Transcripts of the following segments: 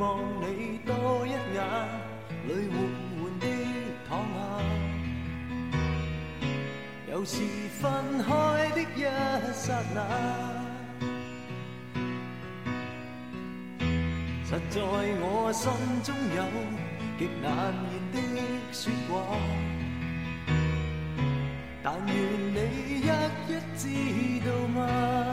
希望你多一眼，淚緩緩的躺下。又是分開的一剎那，實在我心中有極難言的説話，但願你一一知道嗎？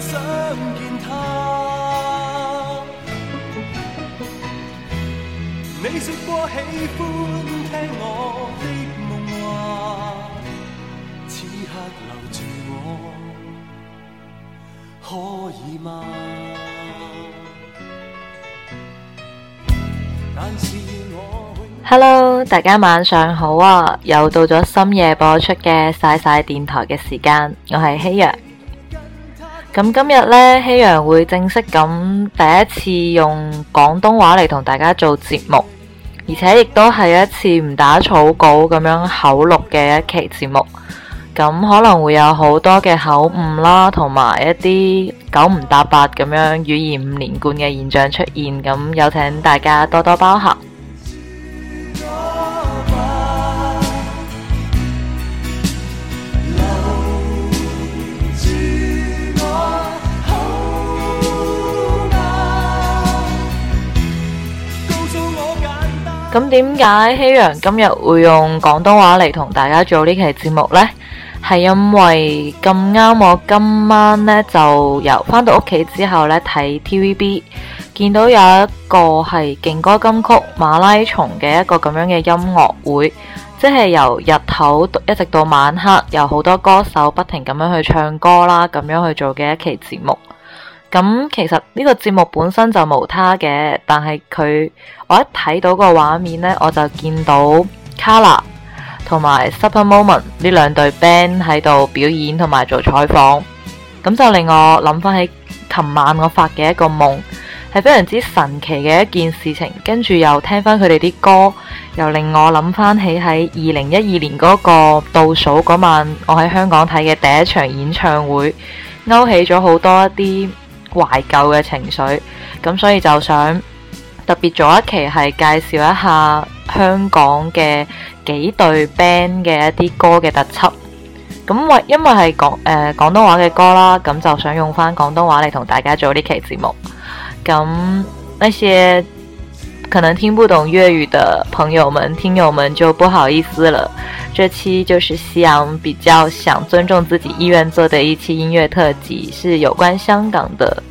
想見他，未說過喜歡聽我嘅夢話，此刻留住我，可以嗎？Hello，大家晚上好啊！又到咗深夜播出嘅晒晒電台嘅時間，我係希若。咁今日呢，希陽會正式咁第一次用廣東話嚟，同大家做節目，而且亦都係一次唔打草稿咁樣口錄嘅一期節目，咁可能會有好多嘅口誤啦，同埋一啲九唔搭八咁樣語言唔連貫嘅現象出現，咁有請大家多多包涵。咁點解希陽今日會用廣東話嚟同大家做呢期節目呢？係因為咁啱我今晚呢，就由返到屋企之後呢，睇 TVB，見到有一個係勁歌金曲馬拉松嘅一個咁樣嘅音樂會，即係由日頭一直到晚黑，由好多歌手不停咁樣去唱歌啦，咁樣去做嘅一期節目。咁其實呢個節目本身就無他嘅，但係佢我一睇到個畫面呢，我就見到 Kolor 同埋 Supper Moment 呢兩對 band 喺度表演，同埋做採訪，咁就令我諗翻起琴晚我發嘅一個夢，係非常之神奇嘅一件事情。跟住又聽翻佢哋啲歌，又令我諗翻起喺二零一二年嗰個倒數嗰晚，我喺香港睇嘅第一場演唱會，勾起咗好多一啲。懷舊嘅情緒，咁所以就想特別做一期，係介紹一下香港嘅幾隊 band 嘅一啲歌嘅特輯。咁為因為係廣誒廣東話嘅歌啦，咁就想用返廣東話嚟同大家做呢期節目。咁呢啲。可能聽不懂粵語的朋友們、聽友們就不好意思了。這期就是夕陽比較想尊重自己意願做的一期音樂特輯，是有關香港的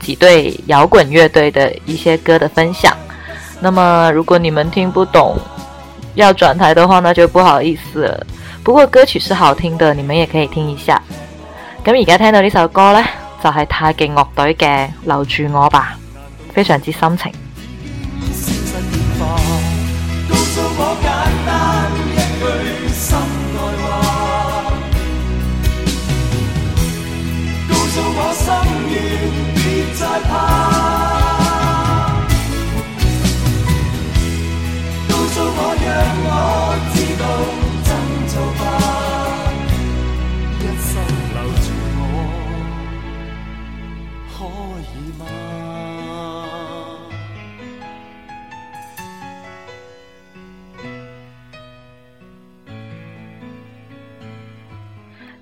幾對搖滾樂隊的一些歌的分享。那麼，如果你們聽不懂要轉台的話，那就不好意思了。不過歌曲是好聽的，你們也可以聽一下。咁而家聽到呢首歌呢，就係太極樂隊嘅《留住我吧》，非常之深情。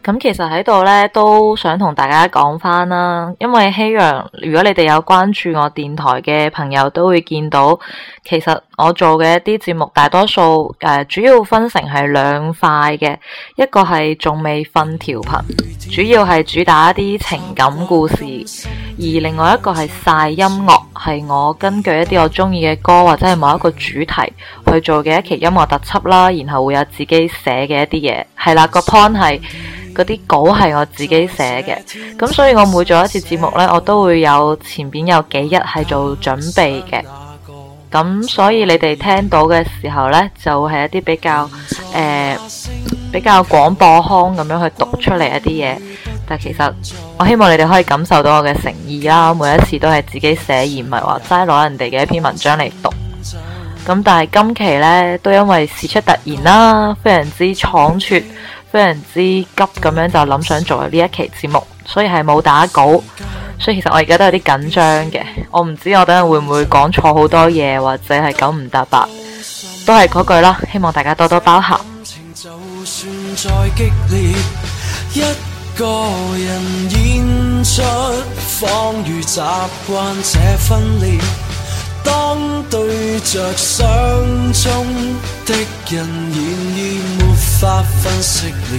咁其實喺度咧，都想同大家講返啦，因為希揚，如果你哋有關注我電台嘅朋友，都會見到，其實。我做嘅一啲節目，大多數誒、呃、主要分成係兩塊嘅，一個係仲未瞓調頻，主要係主打一啲情感故事；而另外一個係晒音樂，係我根據一啲我中意嘅歌或者係某一個主題去做嘅一期音樂特輯啦。然後會有自己寫嘅一啲嘢，係啦個 point 係嗰啲稿係我自己寫嘅，咁所以我每做一次節目呢，我都會有前邊有幾日係做準備嘅。咁所以你哋聽到嘅時候呢，就係、是、一啲比較誒、呃，比較廣播腔咁樣去讀出嚟一啲嘢。但其實我希望你哋可以感受到我嘅誠意啦，每一次都係自己寫而唔係話齋攞人哋嘅一篇文章嚟讀。咁但係今期呢，都因為事出突然啦，非常之倉促，非常之急咁樣就諗想，想做呢一期節目，所以係冇打稿。所以其實我而家都有啲緊張嘅，我唔知我等陣會唔會講錯好多嘢，或者係九唔搭八，都係嗰句啦，希望大家多多包涵。着相中的人，仍然沒法分析了。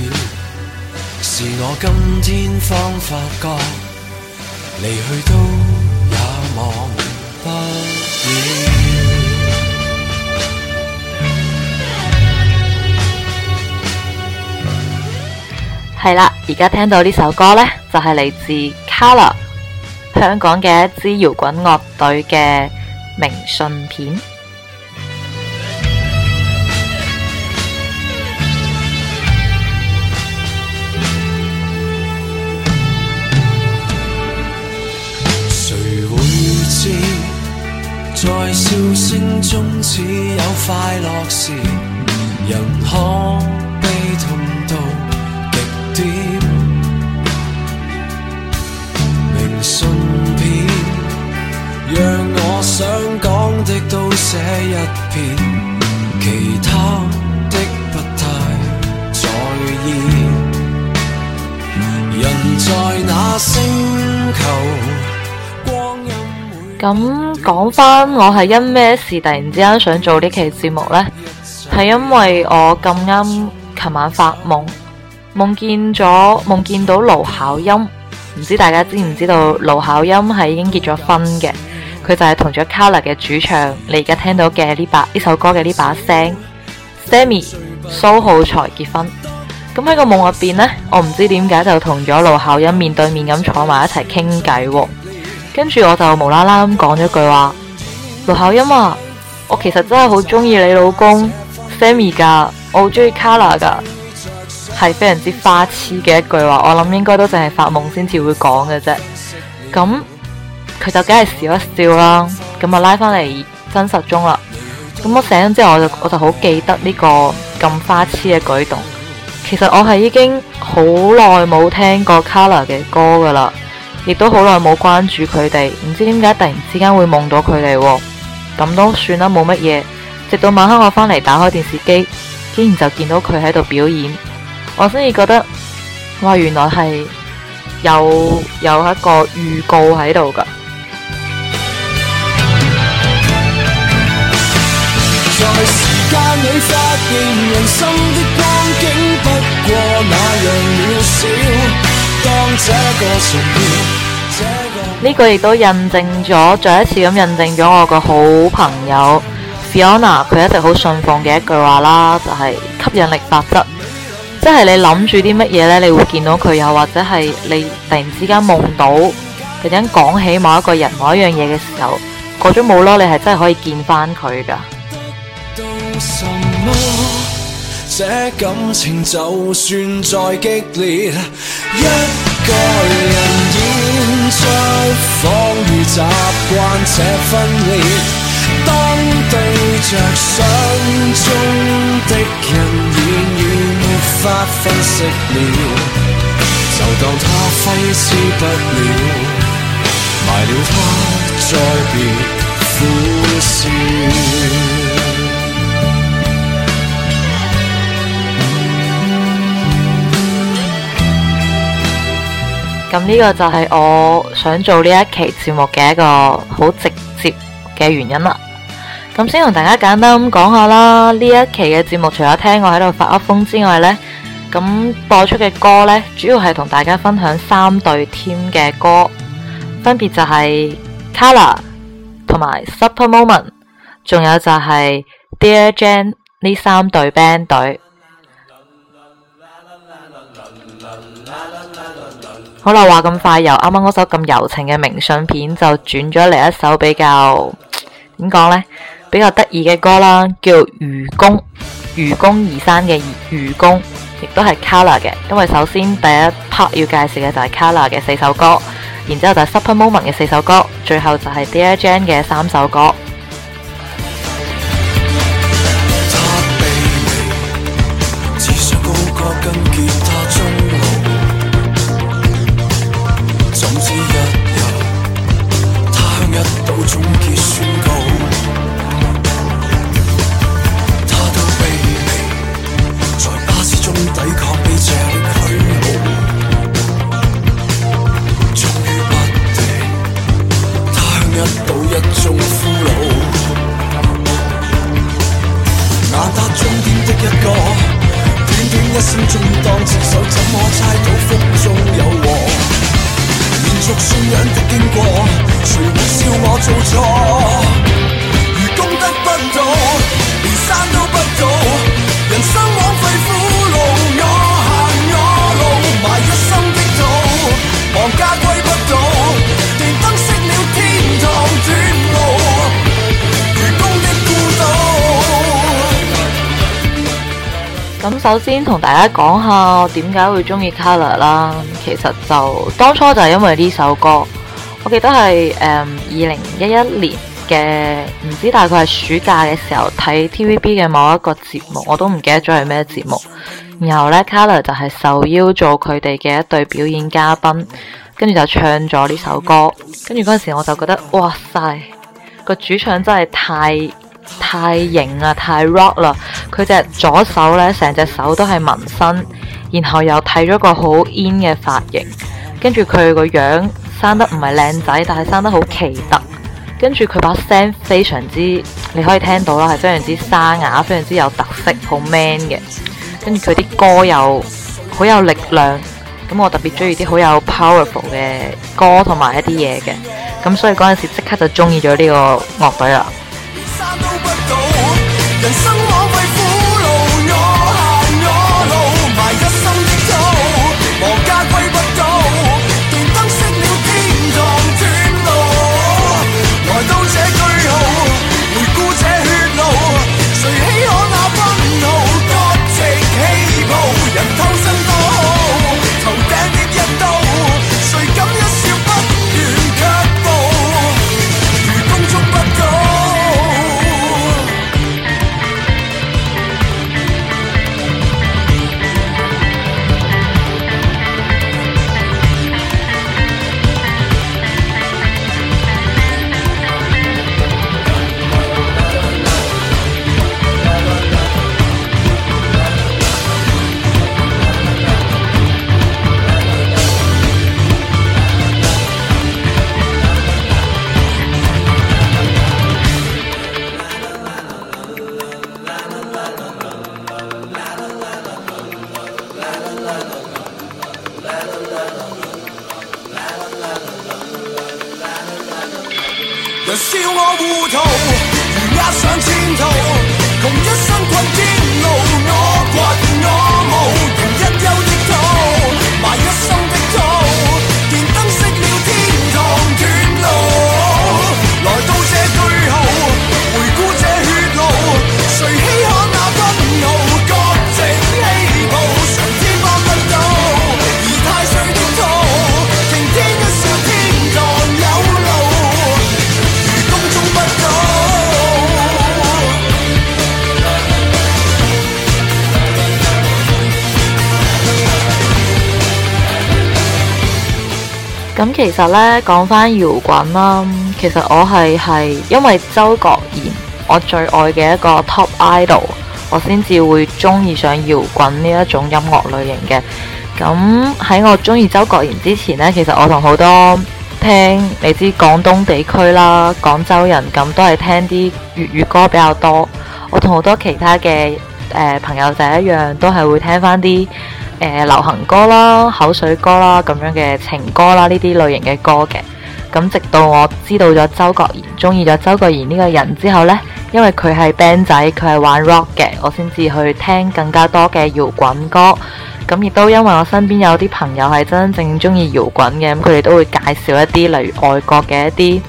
是我今天方法離去都也忘不了。係啦，而家聽到呢首歌呢，就係、是、嚟自 Kolor 香港嘅一支搖滾樂隊嘅明信片。在笑聲中，似有快樂時，人可悲痛到極點。明信片，讓我想講的都寫一遍，其他的不太在意。人在那星球？咁講返，我係因咩事突然之間想做呢期節目呢？係因為我咁啱琴晚發夢，夢見咗，夢見到盧巧音。唔知大家知唔知道盧巧音係已經結咗婚嘅？佢就係同咗 Kolor 嘅主唱，你而家聽到嘅呢把呢首歌嘅呢把聲，Sammy 蘇浩才結婚。咁喺個夢入邊呢，我唔知點解就同咗盧巧音面對面咁坐埋一齊傾偈。跟住我就無啦啦咁講咗句話，盧巧音話、啊：我其實真係好中意你老公 Sammy 噶，我好中意 Color 噶，係非常之花痴嘅一句話。我諗應該都淨係發夢先至會講嘅啫。咁佢就梗係笑一笑啦。咁啊拉返嚟真實中啦。咁我醒咗之後我，我就我就好記得呢個咁花痴嘅舉動。其實我係已經好耐冇聽過 Color 嘅歌噶啦。亦都好耐冇關注佢哋，唔知點解突然之間會夢到佢哋。哦，咁都算啦，冇乜嘢。直到晚黑我返嚟打開電視機，竟然就見到佢喺度表演，我先至覺得，哇，原來係有有一個預告喺度噶。呢個亦都印證咗，再一次咁印證咗我個好朋友 Fiona 佢一直好信奉嘅一句話啦，就係吸引力法則，即係你諗住啲乜嘢呢？你會見到佢，又或者係你突然之間夢到，突然講起某一個人、某一樣嘢嘅時候，過咗冇咯，你係真係可以見翻佢噶。得到什麼，這感情就算再激烈，一個人出，彷如習慣這分裂。當對着相中的人，已沒法分析了，就當他揮之不了，埋了他，再別苦笑。咁呢個就係我想做呢一期節目嘅一個好直接嘅原因啦。咁先同大家簡單咁講下啦。呢一期嘅節目除咗聽我喺度發噏風之外呢，咁播出嘅歌呢，主要係同大家分享三對 team 嘅歌，分別就係 Kolor 同埋 Supper Moment，仲有就係 Dear Jane 呢三對 band 隊。好啦，話咁快由啱啱嗰首咁柔情嘅明信片就轉咗嚟一首比較點講呢？比較得意嘅歌啦，叫《愚公》《愚公移山》嘅《愚公》，亦都係 Kolor 嘅。因為首先第一 part 要介紹嘅就係 Kolor 嘅四首歌，然之後就係 Supper Moment 嘅四首歌，最後就係 Dear Jane 嘅三首歌。一生中當接手，怎可猜到風中有禍？連續數眼的經過，誰會笑話做錯如功德不到，連山。咁首先同大家講下我點解會中意 Kolor 啦，其實就當初就係因為呢首歌，我記得係誒二零一一年嘅唔知，大概係暑假嘅時候睇 TVB 嘅某一個節目，我都唔記得咗係咩節目。然後呢 Kolor 就係受邀做佢哋嘅一對表演嘉賓，跟住就唱咗呢首歌。跟住嗰陣時我就覺得，哇塞，個主唱真係太～太型啊，太 rock 啦！佢隻左手呢，成隻手都係紋身，然後又剃咗個好 in 嘅髮型，跟住佢個樣生得唔係靚仔，但係生得好奇特。跟住佢把聲非常之，你可以聽到啦，係非常之沙啞，非常之有特色，好 man 嘅。跟住佢啲歌又好有力量，咁我特別中意啲好有 powerful 嘅歌同埋一啲嘢嘅，咁所以嗰陣時即刻就中意咗呢個樂隊啦。人生。其實咧講翻搖滾啦，其實我係係因為周國賢，我最愛嘅一個 Top Idol，我先至會中意上搖滾呢一種音樂類型嘅。咁喺我中意周國賢之前呢，其實我同好多聽你知廣東地區啦、廣州人咁，都係聽啲粵語歌比較多。我同好多其他嘅誒、呃、朋友仔一樣，都係會聽翻啲。呃、流行歌啦、口水歌啦，咁樣嘅情歌啦，呢啲類型嘅歌嘅，咁直到我知道咗周國賢，中意咗周國賢呢個人之後呢，因為佢係 band 仔，佢係玩 rock 嘅，我先至去聽更加多嘅搖滾歌。咁亦都因為我身邊有啲朋友係真真正正中意搖滾嘅，咁佢哋都會介紹一啲例如外國嘅一啲。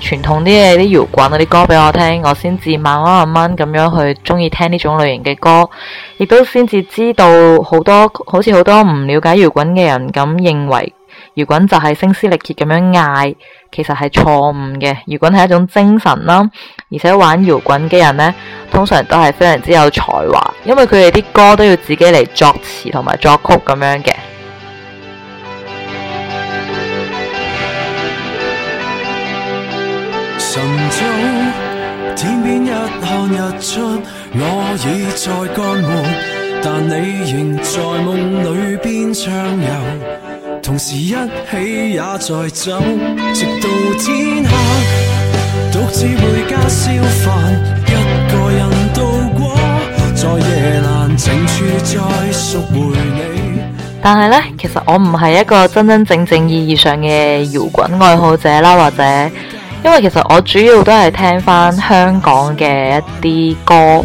傳統啲嘅啲搖滾嗰啲歌俾我聽，我先至慢慢慢慢咁樣去中意聽呢種類型嘅歌，亦都先至知道好多好似好多唔了解搖滾嘅人咁認為搖滾就係聲嘶力竭咁樣嗌，其實係錯誤嘅。搖滾係一種精神啦，而且玩搖滾嘅人呢，通常都係非常之有才華，因為佢哋啲歌都要自己嚟作詞同埋作曲咁樣嘅。天邊一看日出，我已在幹活，但你仍在夢裏邊暢遊，同時一起也在走，直到天黑，獨自回家燒飯，一個人度過，在夜闌靜處再贖回你。但係呢，其實我唔係一個真真正正，正意義上嘅搖滾愛好者啦，或者。因為其實我主要都係聽翻香港嘅一啲歌，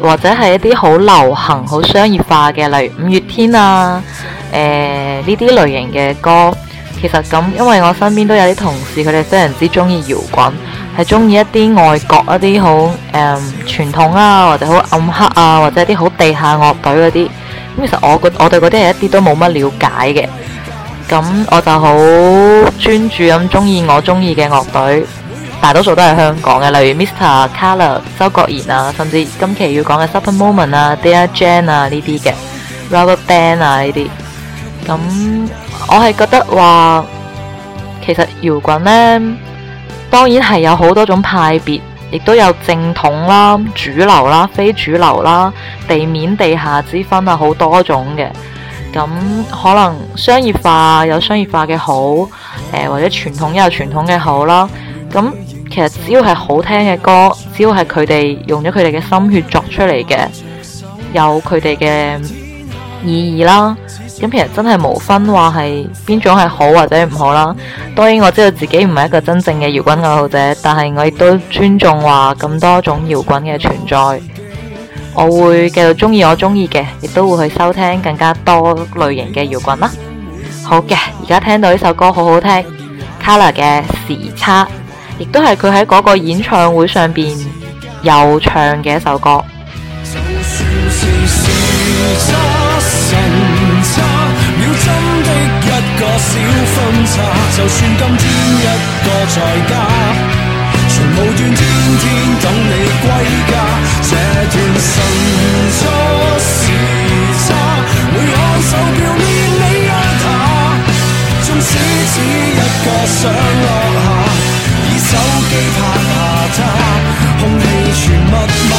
或者係一啲好流行、好商業化嘅，例如五月天啊，誒呢啲類型嘅歌。其實咁，因為我身邊都有啲同事，佢哋非常之中意搖滾，係中意一啲外國一啲好誒傳統啊，或者好暗黑啊，或者一啲好地下樂隊嗰啲。咁，嗯，其實我覺我對嗰啲係一啲都冇乜了解嘅。咁我就好專注咁中意我中意嘅樂隊，大多數都係香港嘅，例如 Mr.、Kolor、周國賢啊，甚至今期要講嘅 Supper Moment 啊、Dear Jane 啊呢啲嘅、RubberBand 啊呢啲。咁我係覺得話，其實搖滾呢，當然係有好多種派別，亦都有正統啦、主流啦、非主流啦、地面、地下之分啊，好多種嘅。咁可能商業化有商業化嘅好，誒、呃、或者傳統有傳統嘅好啦。咁其實只要係好聽嘅歌，只要係佢哋用咗佢哋嘅心血作出嚟嘅，有佢哋嘅意義啦。咁其實真係無分話係邊種係好或者唔好啦。當然我知道自己唔係一個真正嘅搖滾愛好者，但係我亦都尊重話咁多種搖滾嘅存在。我會繼續中意我中意嘅，亦都會去收聽更加多類型嘅搖滾啦。好嘅，而家聽到呢首歌好好聽，Kolor 嘅時差，亦都係佢喺嗰個演唱會上邊又唱嘅一首歌。時事事無端天天等你歸家，這段神速時差，每看手表面你一下，縱使只一個想落下，以手機拍下它，空氣全密碼。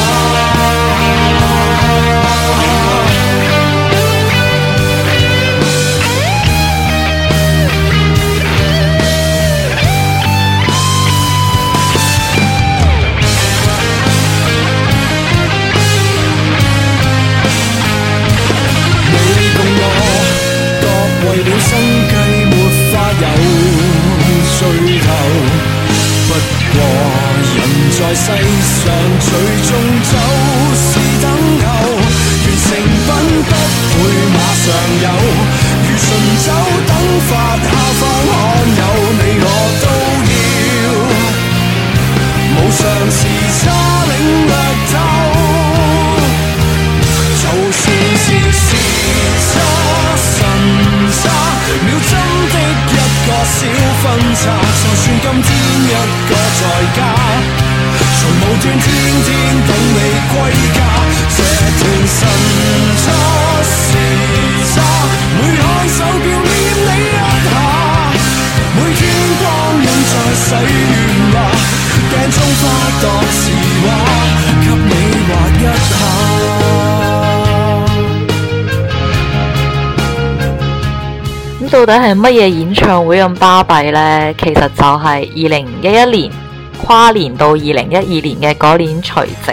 到底係乜嘢演唱會咁巴閉呢？其實就係二零一一年跨年到二零一二年嘅嗰年除夕，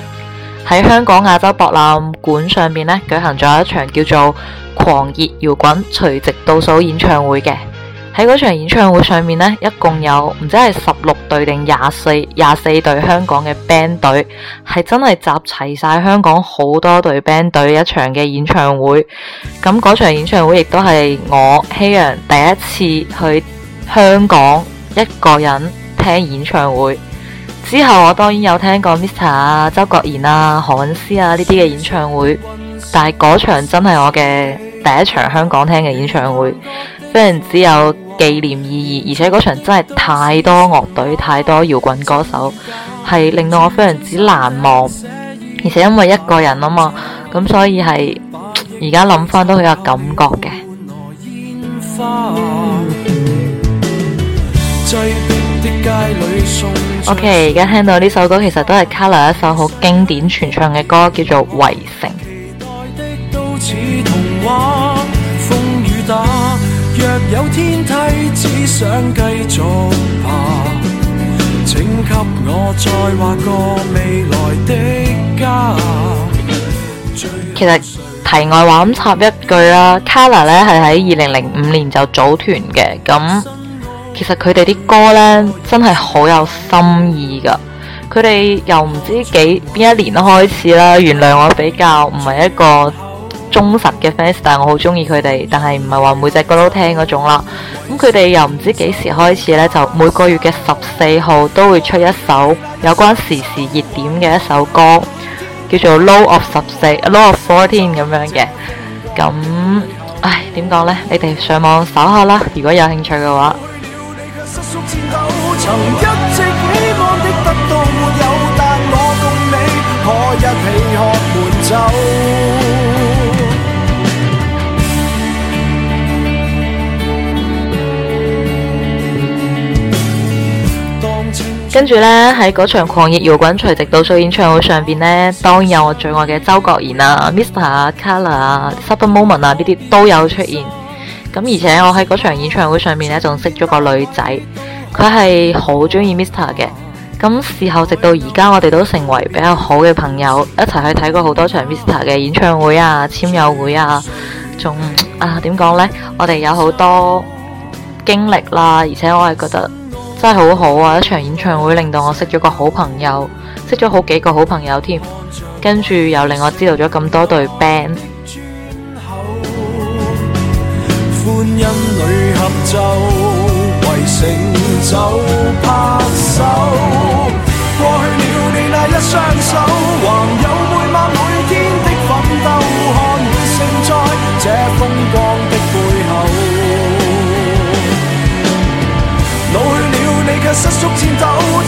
喺香港亞洲博覽館上面呢，咧舉行咗一場叫做《狂熱搖滾除夕倒數演唱會》嘅。喺嗰場演唱會上面呢，一共有唔知係十六隊定廿四廿四隊香港嘅 band 隊，係真係集齊晒香港好多隊 band 隊一場嘅演唱會。咁嗰場演唱會亦都係我希陽第一次去香港一個人聽演唱會。之後我當然有聽過 Mr. 啊、周國賢啊、何韻詩啊呢啲嘅演唱會，但係嗰場真係我嘅第一場香港聽嘅演唱會。非常之有紀念意義，而且嗰場真係太多樂隊、太多搖滾歌手，係令到我非常之難忘。而且因為一個人啊嘛，咁所以係而家諗翻都好有感覺嘅。OK，而家聽到呢首歌，其實都係 Kolor 一首好經典傳唱嘅歌，叫做《圍城》。有天梯只想繼續爬，請給我再畫個未來的家。其實題外話咁插一句啦，Kolor 呢係喺二零零五年就組團嘅，咁其實佢哋啲歌呢，真係好有心意噶，佢哋又唔知幾邊一年都開始啦。原諒我比較唔係一個。忠實嘅 fans，但係我好中意佢哋，但係唔係話每隻歌都聽嗰種啦。咁佢哋又唔知幾時開始呢，就每個月嘅十四號都會出一首有關時事熱點嘅一首歌，叫做 Low of 十四，Low of fourteen 咁樣嘅。咁，唉，點講呢？你哋上網搜下啦，如果有興趣嘅話。跟住呢，喺嗰場狂熱搖滾，除夕倒數演唱會上邊呢，當然有我最愛嘅周國賢啊 Mister 啊、Kolor 啊，Super Moment 啊呢啲都有出現。咁而且我喺嗰場演唱會上面呢，仲識咗個女仔，佢係好中意 Mister 嘅。咁事後直到而家，我哋都成為比較好嘅朋友，一齊去睇過好多場 Mister 嘅演唱會啊、簽友會啊，仲啊點講呢？我哋有好多經歷啦，而且我係覺得。真係好好啊！一場演唱會令到我識咗個好朋友，識咗好幾個好朋友添，跟住又令我知道咗咁多隊 band。歡欣裏合奏，圍城就拍手。手，過去了，你那一雙手還有每晚每天的奮鬥看盛載這風失前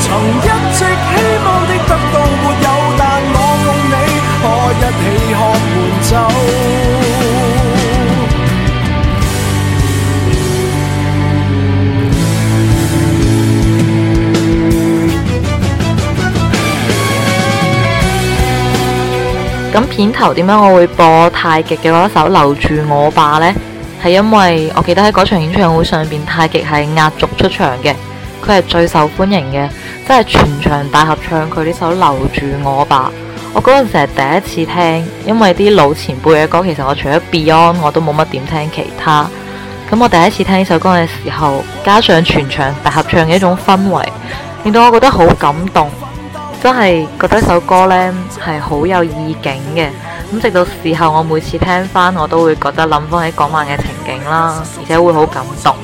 曾希望的得到，沒有但我你。可一起咁片頭點解我會播太極嘅嗰一首《留住我吧》呢？係因為我記得喺嗰場演唱會上邊，太極係壓軸出場嘅。佢係最受歡迎嘅，真係全場大合唱。佢呢首留住我吧，我嗰陣時係第一次聽，因為啲老前輩嘅歌，其實我除咗 Beyond，我都冇乜點聽其他。咁我第一次聽呢首歌嘅時候，加上全場大合唱嘅一種氛圍，令到我覺得好感動，真係覺得呢首歌呢係好有意境嘅。咁直到事後，我每次聽翻，我都會覺得諗翻起嗰晚嘅情景啦，而且會好感動。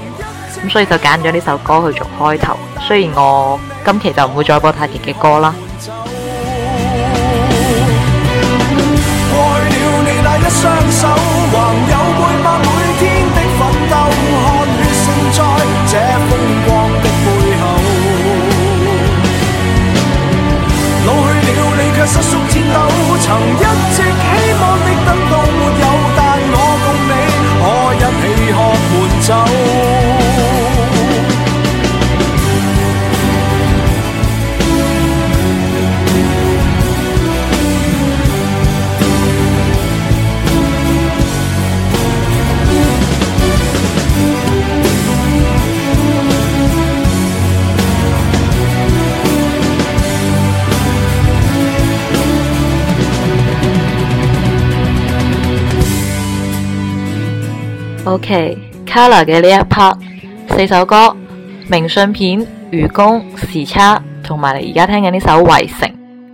所以就揀咗呢首歌去做開頭。雖然我今期就唔會再播太極嘅歌啦。O.K. Color 嘅呢一 part 四首歌：明信片、愚公、時差，同埋你而家聽緊呢首圍城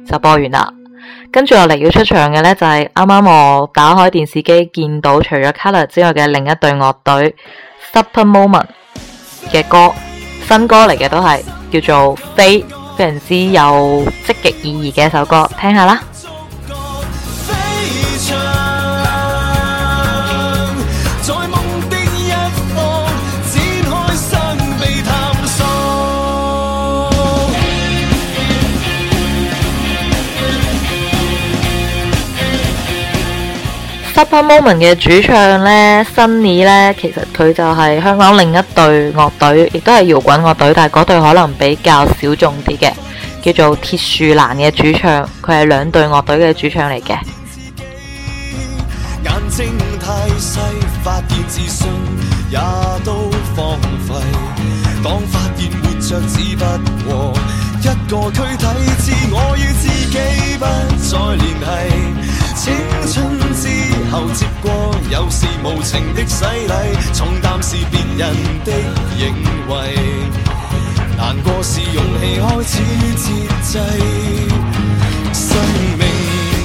就播完啦。跟住落嚟要出場嘅呢，就係啱啱我打開電視機見到，除咗 Color 之外嘅另一隊樂隊 Supper Moment 嘅歌，新歌嚟嘅，都係叫做飛，非常之有積極意義嘅一首歌，聽下啦。Supper Moment 嘅主唱呢，Sunny 呢，其實佢就係香港另一隊樂隊，亦都係搖滾樂隊，但係嗰隊可能比較小眾啲嘅，叫做鐵樹蘭嘅主唱，佢係兩隊樂隊嘅主唱嚟嘅。眼睛太青春之後，接過又是無情的洗禮，重擔是別人的認為，難過是勇氣開始節制，生命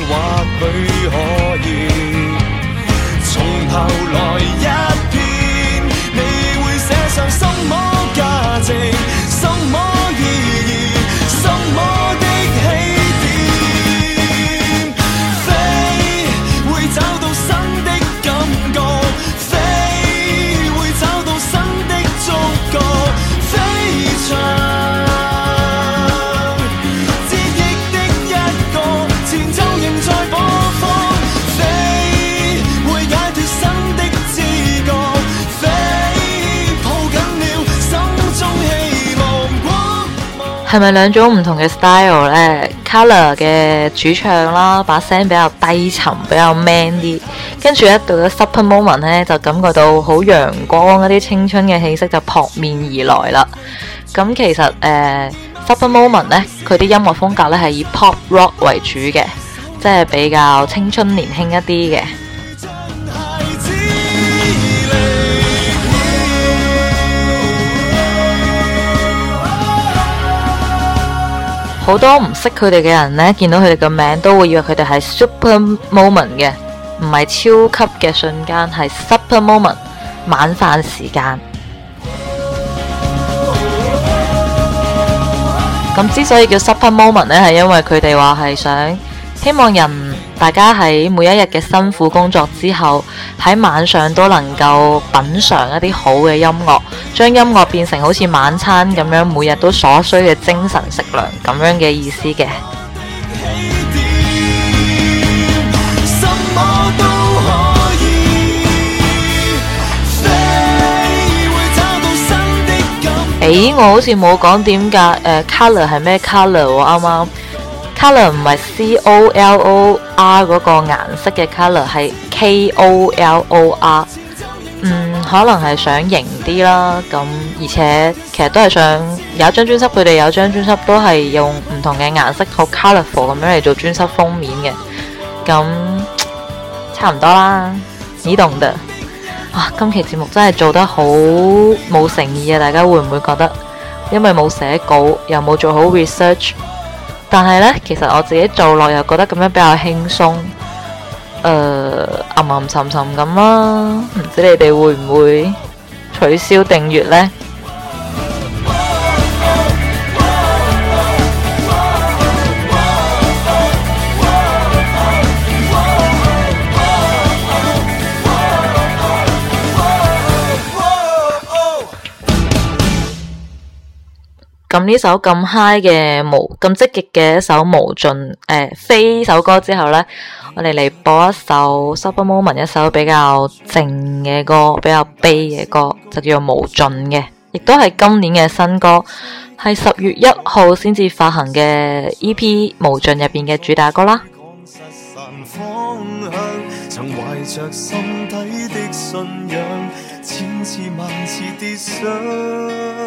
或許可以從頭來一遍，你會寫上什麼價值？係咪兩種唔同嘅 style 呢 Kolor 嘅主唱啦，把聲比較低沉，比較 man 啲。跟住一到咗 Supper Moment 呢，就感覺到好陽光嗰啲青春嘅氣息就撲面而來啦。咁、嗯、其實誒、呃、，Supper Moment 呢，佢啲音樂風格呢，係以 pop rock 為主嘅，即係比較青春年輕一啲嘅。好多唔識佢哋嘅人呢，見到佢哋嘅名都會以為佢哋係 super moment 嘅，唔係超級嘅瞬間，係 Supper Moment 晚飯時間。咁 之所以叫 Supper Moment 呢，係因為佢哋話係想希望人大家喺每一日嘅辛苦工作之後，喺晚上都能夠品嚐一啲好嘅音樂，將音樂變成好似晚餐咁樣，每日都所需嘅精神食糧咁樣嘅意思嘅。誒、哎，我好似冇講點㗎？誒、uh，Kolor 係咩 Kolor？我啱啱。colour 唔係 C O L O R 嗰個顏色嘅 colour 係 K O L O R，嗯，可能係想型啲啦，咁而且其實都係想有一張專輯，佢哋有一張專輯都係用唔同嘅顏色好 colorful 咁樣嚟做專輯封面嘅，咁差唔多啦，你懂的。哇、啊，今期節目真係做得好冇誠意啊！大家會唔會覺得，因為冇寫稿，又冇做好 research？但係咧，其實我自己做落又覺得咁樣比較輕鬆，誒、呃，暗暗沉沉咁啦，唔知你哋會唔會取消訂閱咧？咁呢首咁 high 嘅，無咁積極嘅一首無盡誒飛、呃、首歌之後呢，我哋嚟播一首 Supper Moment 一首比較靜嘅歌，比較悲嘅歌，就叫做無盡嘅，亦都係今年嘅新歌，係十月一號先至發行嘅 EP 無盡入邊嘅主打歌啦。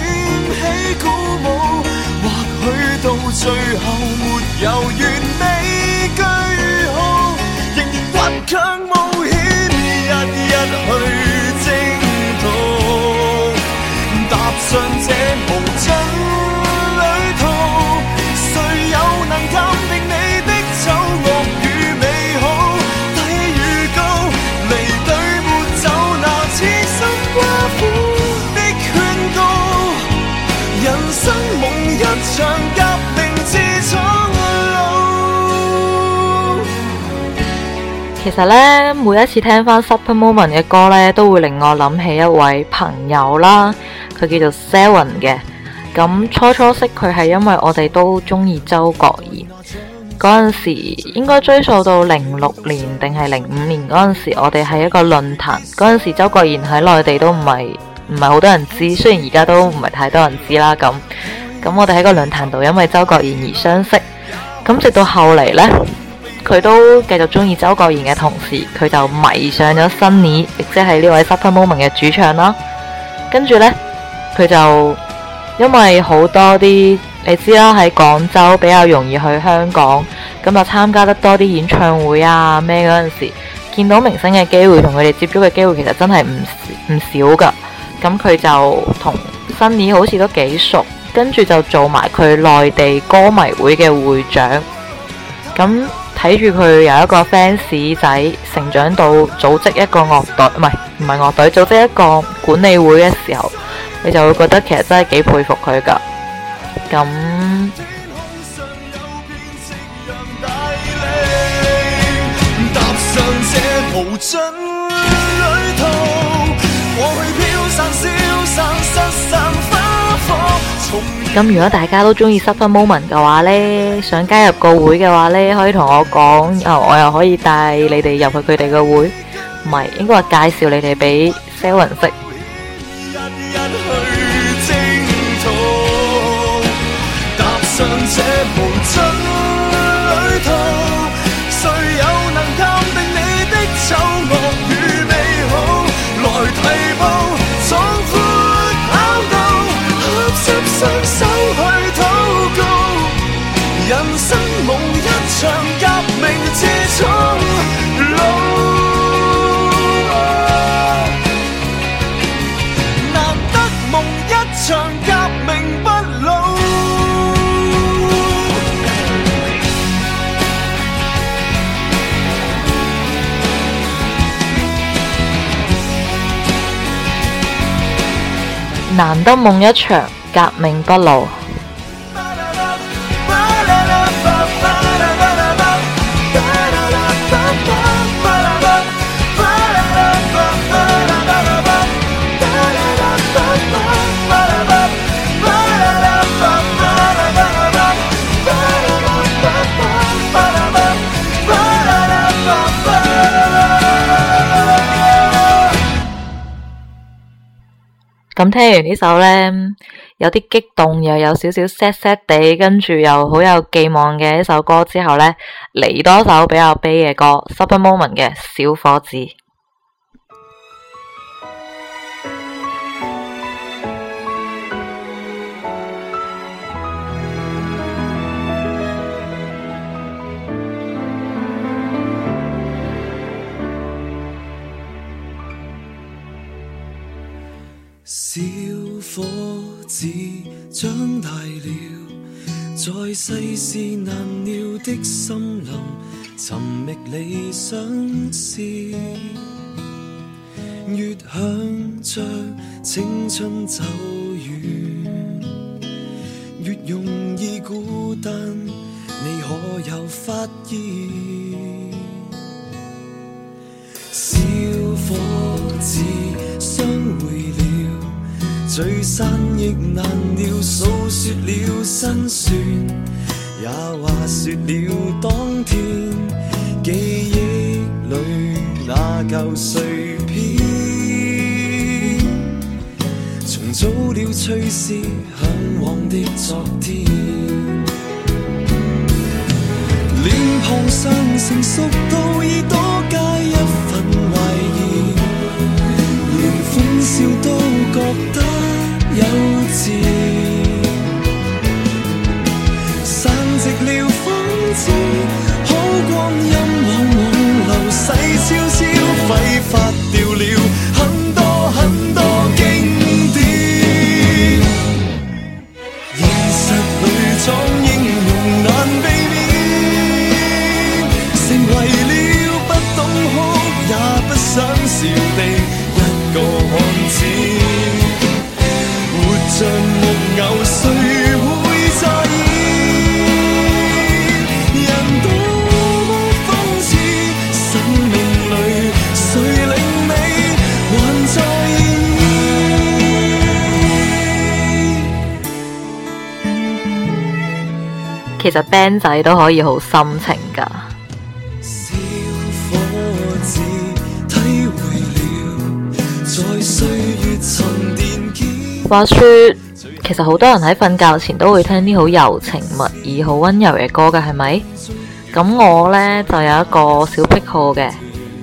或許到最後沒有完美句號，仍然倔強冒險，日日去征討，踏上這無盡。其實呢，每一次聽返 Supper Moment 嘅歌呢，都會令我諗起一位朋友啦。佢叫做 Seven 嘅。咁初初識佢係因為我哋都中意周國賢嗰陣時，應該追溯到零六年定係零五年嗰陣時，我哋係一個論壇嗰陣時，周國賢喺內地都唔係唔係好多人知，雖然而家都唔係太多人知啦咁。咁我哋喺個論壇度，因為周國賢而相識。咁直到後嚟呢，佢都繼續中意周國賢嘅同時，佢就迷上咗 Sunny，亦即係呢位 Supper Moment 嘅主唱啦。跟住呢，佢就因為好多啲你知啦，喺廣州比較容易去香港，咁就參加得多啲演唱會啊咩嗰陣時，見到明星嘅機會同佢哋接觸嘅機會，其實真係唔唔少噶。咁佢就同 Sunny 好似都幾熟。跟住就做埋佢內地歌迷會嘅會長，咁睇住佢由一個 fans 仔成長到組織一個樂隊，唔係唔係樂隊，組織一個管理會嘅時候，你就會覺得其實真係幾佩服佢㗎。咁。咁如果大家都中意 Supper Moment 嘅話呢，想加入個會嘅話呢，可以同我講，啊、哦，我又可以帶你哋入去佢哋個會，唔係，應該話介紹你哋俾 Supper 識。 難得夢一場，革命不老。咁聽完呢首咧，有啲激動，又有少少 sad sad 地，跟住又好有寄望嘅一首歌之後咧，嚟多首比較悲嘅歌，Supper Moment 嘅《小伙子》。長大了，在世事難料的森林，尋覓理想事，越向着青春走遠，越容易孤單。你可有發現，小伙子相會了？聚散亦難料，訴說了辛酸，也話說了當天，記憶裏那舊碎片，重組了趣事，向往的昨天。臉龐上成熟到已多加一份懷疑，連歡笑都覺得。好光陰往往流逝，悄悄揮發。其實 band 仔都可以好深情噶。話說，其實好多人喺瞓覺前都會聽啲好柔情蜜意、好溫柔嘅歌噶，係咪？咁我呢，就有一個小癖好嘅，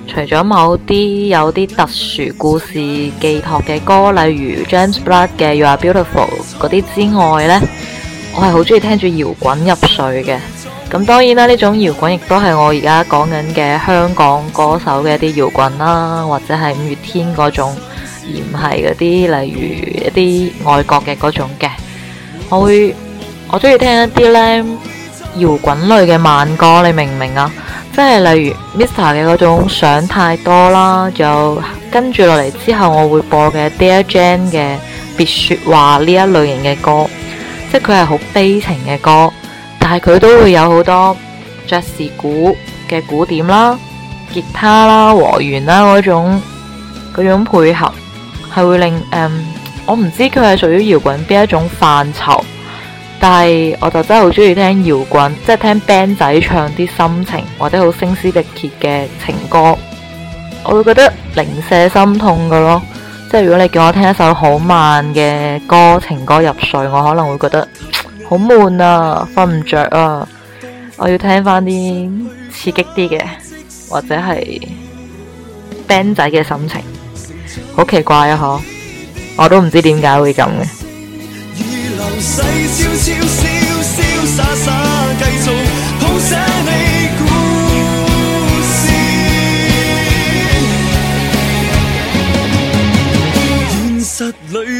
除咗某啲有啲特殊故事寄託嘅歌，例如 James Blunt 嘅《You Are Beautiful》嗰啲之外呢。我係好中意聽住搖滾入睡嘅，咁當然啦，呢種搖滾亦都係我而家講緊嘅香港歌手嘅一啲搖滾啦，或者係五月天嗰種，而唔係嗰啲例如一啲外國嘅嗰種嘅。我會我中意聽一啲呢搖滾類嘅慢歌，你明唔明啊？即係例如 Mr. 嘅嗰種想太多啦，就跟住落嚟之後，我會播嘅 Dear Jane 嘅別說話呢一類型嘅歌。即係佢係好悲情嘅歌，但係佢都會有好多爵士鼓嘅鼓點啦、吉他啦、和弦啦嗰種嗰種配合，係會令、嗯、我唔知佢係屬於搖滾邊一種範疇，但係我就真係好中意聽搖滾，即係聽 band 仔唱啲心情或者好聲嘶力竭嘅情歌，我會覺得零舍心痛噶咯。即係如果你叫我聽一首好慢嘅歌情歌入睡，我可能會覺得好悶啊，瞓唔着啊，我要聽翻啲刺激啲嘅，或者係 band 仔嘅心情，好奇怪啊！嗬，我都唔知點解會咁嘅。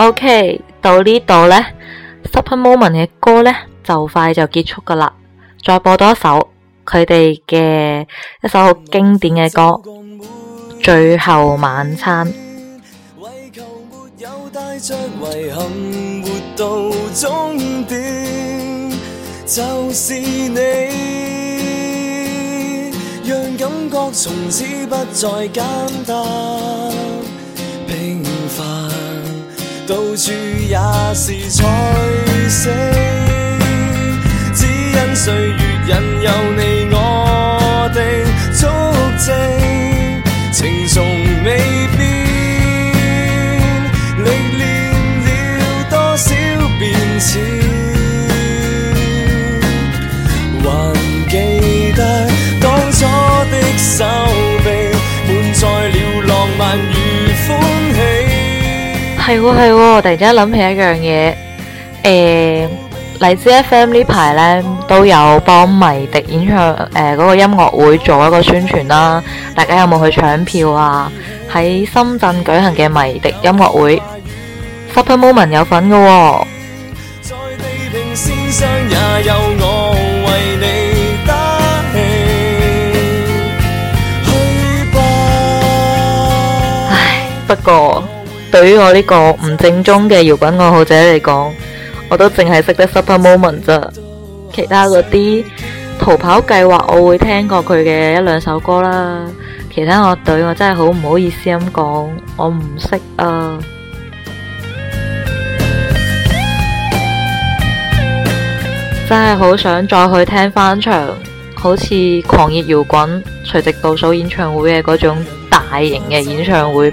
O、okay, K，到呢度呢 Supper Moment 嘅歌呢就快就結束噶啦，再播多一首佢哋嘅一首好經典嘅歌《最後晚餐》，為求沒有。到處也是彩色，只因歲月印有你我的足跡，情從未變，歷練了多少變遷。係喎係喎，突然間諗起一樣嘢，誒，荔枝 FM 呢排咧，都有幫迷笛演唱誒嗰個音樂會做一個宣傳啦，大家有冇去搶票啊？喺深圳舉行嘅迷笛音樂會，Supper Moment 有份㗎喎。唉，不過。對於我呢個唔正宗嘅搖滾愛好者嚟講，我都淨係識得 Supper Moment 咋，其他嗰啲逃跑計劃我會聽過佢嘅一兩首歌啦。其他樂隊我真係好唔好意思咁講，我唔識啊，真係好想再去聽翻場，好似狂熱搖滾垂直倒數演唱會嘅嗰種大型嘅演唱會。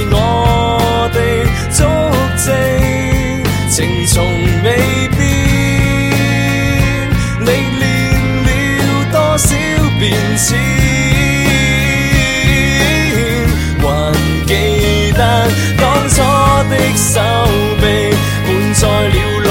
未變，歷練了多少變遷，還記得當初的手臂滿載了。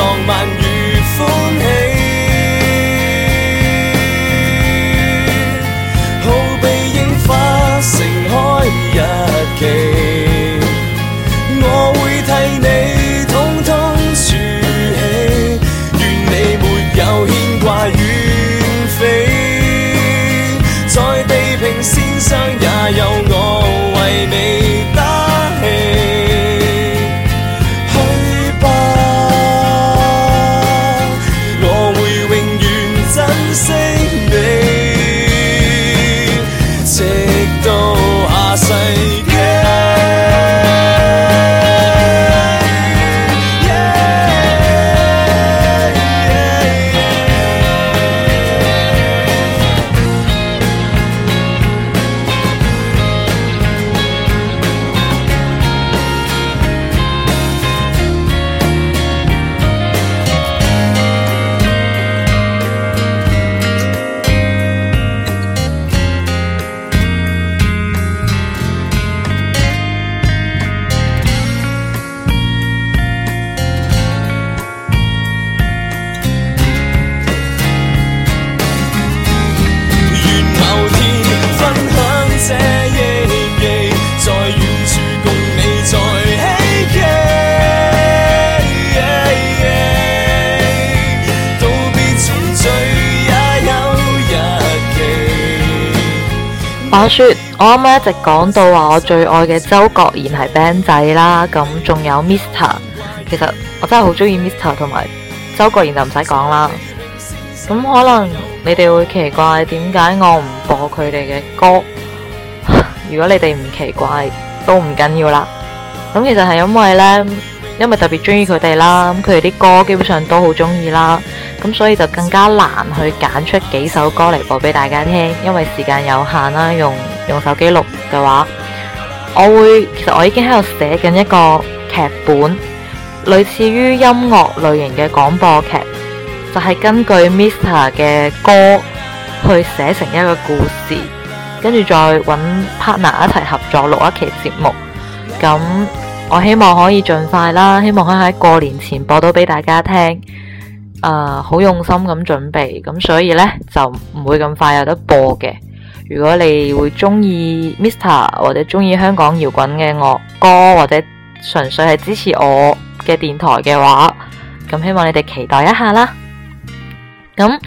我說我啱啱一直講到話我最愛嘅周國賢係 band 仔啦，咁仲有 Mr.，其實我真係好中意 Mr. 同埋周國賢就唔使講啦。咁可能你哋會奇怪點解我唔播佢哋嘅歌？ 如果你哋唔奇怪都唔緊要啦。咁其實係因為呢。因為特別中意佢哋啦，咁佢哋啲歌基本上都好中意啦，咁所以就更加難去揀出幾首歌嚟播俾大家聽，因為時間有限啦。用用手機錄嘅話，我會其實我已經喺度寫緊一個劇本，類似於音樂類型嘅廣播劇，就係根據 Mr. 嘅歌去寫成一個故事，跟住再揾 partner 一齊合作錄一期節目，咁。我希望可以盡快啦，希望可以喺過年前播到俾大家聽。誒、呃，好用心咁準備，咁所以呢，就唔會咁快有得播嘅。如果你會中意 Mr 或者中意香港搖滾嘅樂歌，或者純粹係支持我嘅電台嘅話，咁希望你哋期待一下啦。咁、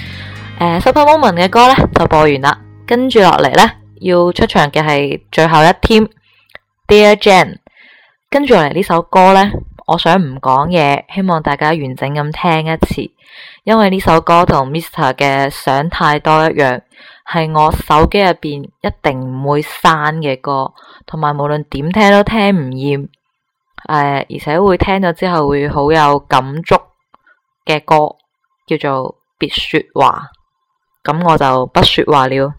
呃、Supper Moment 嘅歌呢，就播完啦，跟住落嚟呢，要出場嘅係最後一 team，Dear Jane。跟住嚟呢首歌呢，我想唔講嘢，希望大家完整咁聽一次，因為呢首歌同 Mr. 嘅想太多一樣，係我手機入邊一定唔會刪嘅歌，同埋無論點聽都聽唔厭，呃，而且會聽咗之後會好有感觸嘅歌，叫做別說話，咁我就不說話了。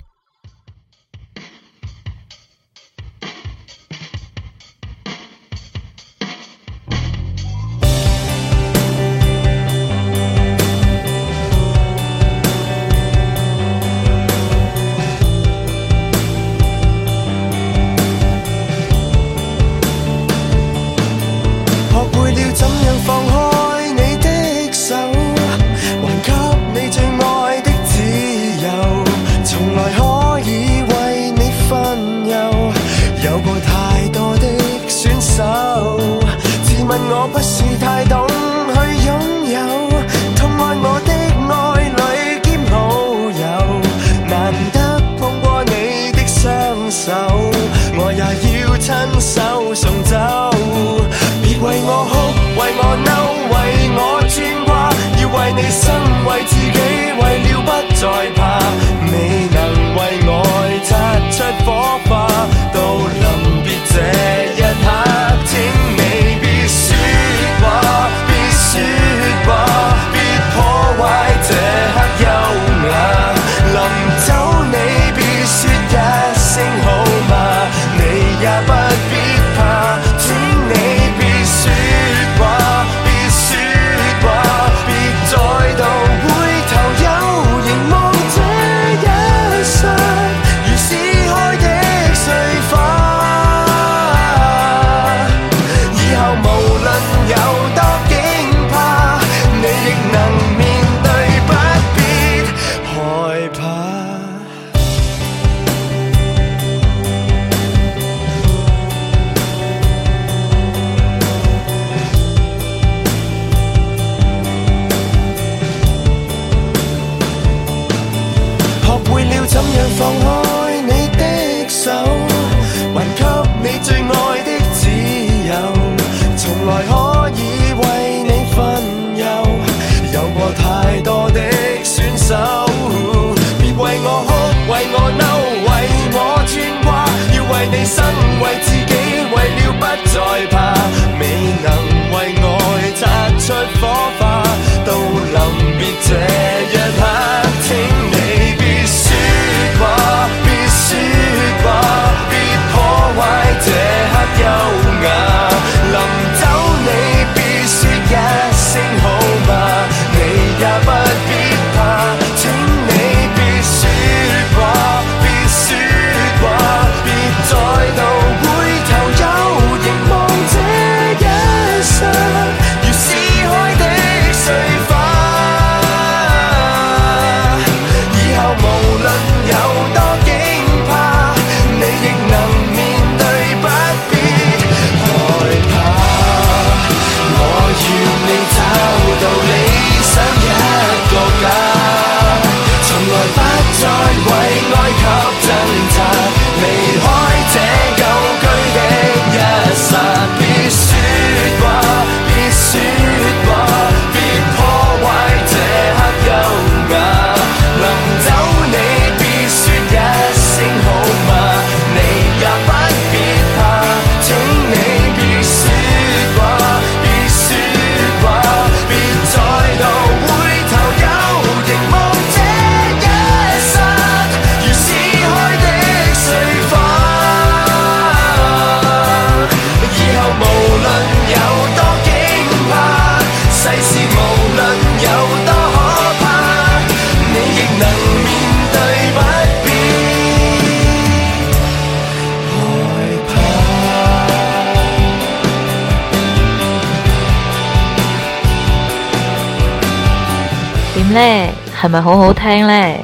係咪好好聽呢？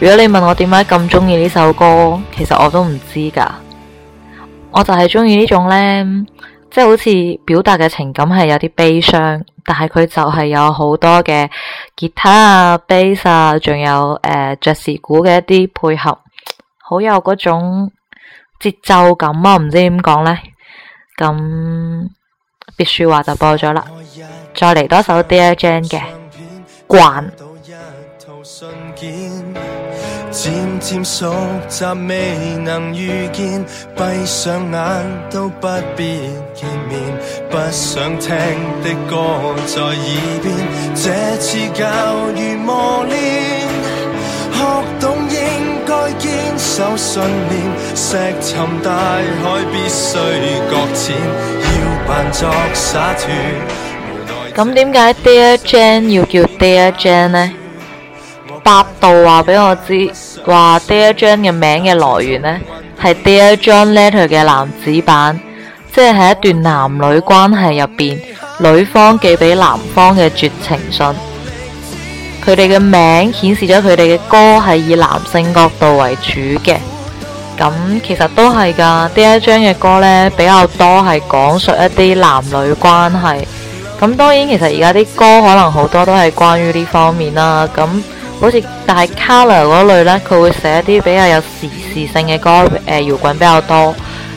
如果你問我點解咁中意呢首歌，其實我都唔知噶。我就係中意呢種呢，即係好似表達嘅情感係有啲悲傷，但係佢就係有好多嘅吉他啊、bass 啊，仲有誒爵士鼓嘅一啲配合，好有嗰種節奏感啊。唔知點講呢？咁別說話就播咗啦。再嚟多首 Dear Jane 嘅《慣》。漸漸熟習，未能預見，閉上眼都不必見面，不想聽的歌在耳邊，這次教如磨練，學懂應該堅守信念，石沉大海必須擱淺，要扮作灑脫無奈。咁點解 Dear Jane 要叫 Dear Jane 呢？百度話俾我知，話 Dear Jane 嘅名嘅來源呢，係 Dear John Letter 嘅男子版，即係係一段男女關係入邊女方寄俾男方嘅絕情信。佢哋嘅名顯示咗佢哋嘅歌係以男性角度為主嘅。咁其實都係噶。Dear Jane 嘅歌呢，比較多係講述一啲男女關係。咁當然，其實而家啲歌可能好多都係關於呢方面啦。咁好似但係 Kolor 嗰類呢，佢會寫啲比較有時事性嘅歌，誒，搖滾比較多。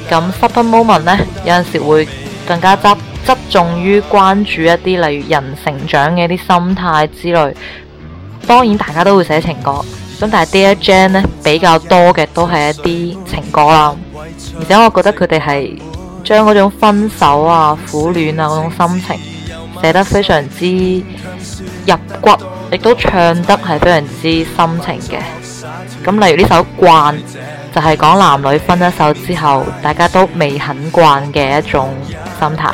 咁 Supper Moment 呢，有陣時會更加側側重於關注一啲例如人成長嘅啲心態之類。當然大家都會寫情歌，咁但係 Dear Jane 咧，比較多嘅都係一啲情歌啦。而且我覺得佢哋係將嗰種分手啊、苦戀啊嗰種心情寫得非常之入骨。亦都唱得係非常之深情嘅，咁例如呢首《慣》，就係講男女分咗手之後，大家都未肯慣嘅一種心態。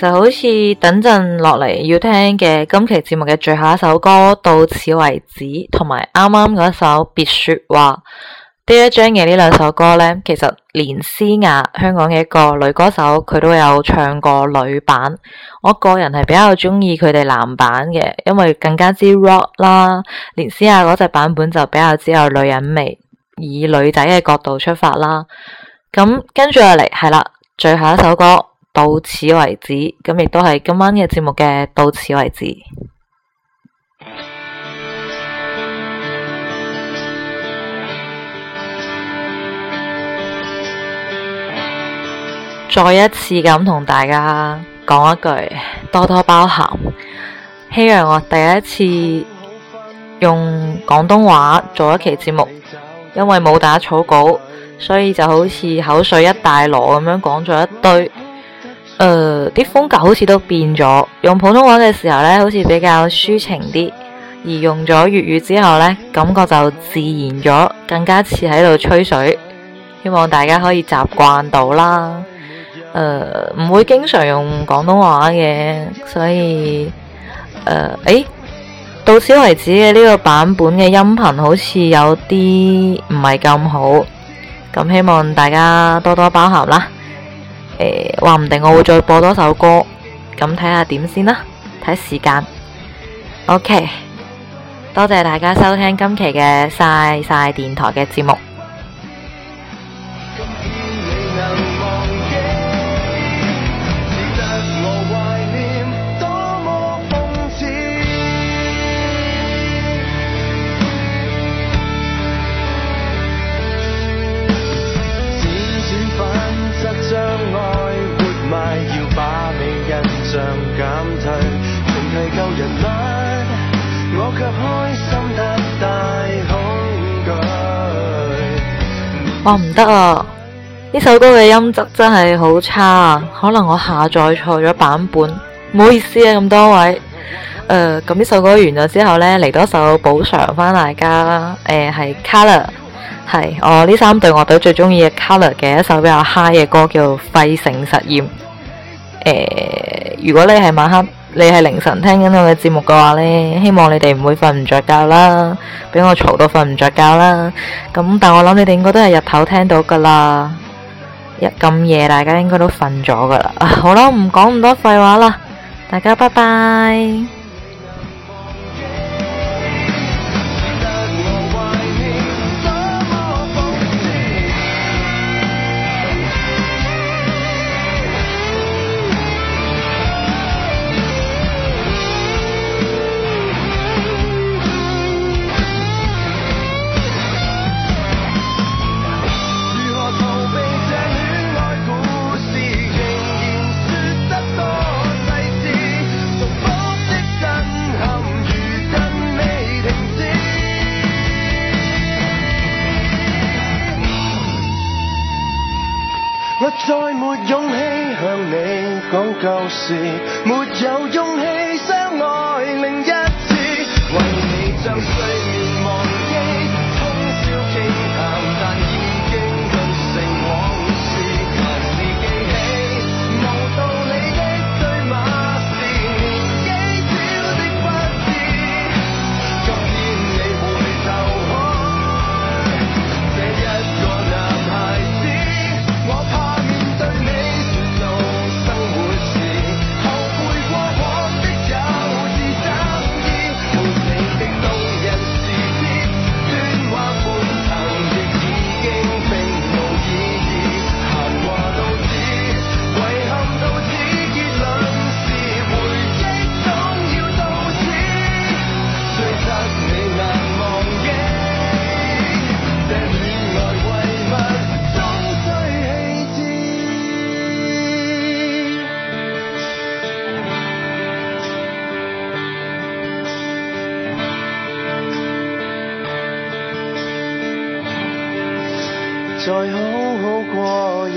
就好似等陣落嚟要聽嘅今期節目嘅最後一首歌，到此為止，同埋啱啱嗰一首別說話 Dear Jane 嘅，呢兩首歌呢，其實連詩雅香港嘅一個女歌手，佢都有唱過女版，我個人係比較中意佢哋男版嘅，因為更加之 rock 啦。連詩雅嗰隻版本就比較只有女人味，以女仔嘅角度出發啦。咁跟住落嚟係啦，最後一首歌。到此為止，咁亦都係今晚嘅節目嘅到此為止。 再一次咁同大家講一句，多多包涵。希望、 hey，我第一次用廣東話做一期節目，因為冇打草稿，所以就好似口水一大籮咁樣講咗一堆。誒，啲、呃、風格好似都變咗。用普通話嘅時候呢，好似比較抒情啲；而用咗粵語之後呢，感覺就自然咗，更加似喺度吹水。希望大家可以習慣到啦。誒、呃，唔會經常用廣東話嘅，所以誒、呃，誒，到此為止嘅呢、這個版本嘅音頻好似有啲唔係咁好，咁希望大家多多包涵啦。誒，話唔、欸、定我會再播多首歌，咁睇下點先啦，睇時間。OK，多謝大家收聽今期嘅晒晒電台嘅節目。我唔得啊！呢首歌嘅音質真係好差，啊，可能我下載錯咗版本，唔好意思啊，咁多位。誒、呃，咁呢首歌完咗之後呢，嚟多首補償翻大家啦。誒、呃，係 Kolor，係我呢三隊樂隊最中意嘅 Kolor 嘅一首比較嗨嘅歌，叫《費城實驗》。誒、呃，如果你係晚黑，你係凌晨聽緊我嘅節目嘅話呢，希望你哋唔會瞓唔着覺啦，俾我嘈到瞓唔着覺啦。咁但我諗你哋應該都係日頭聽到噶啦，咁夜大家應該都瞓咗噶啦。 好啦，唔講咁多廢話啦，大家拜拜。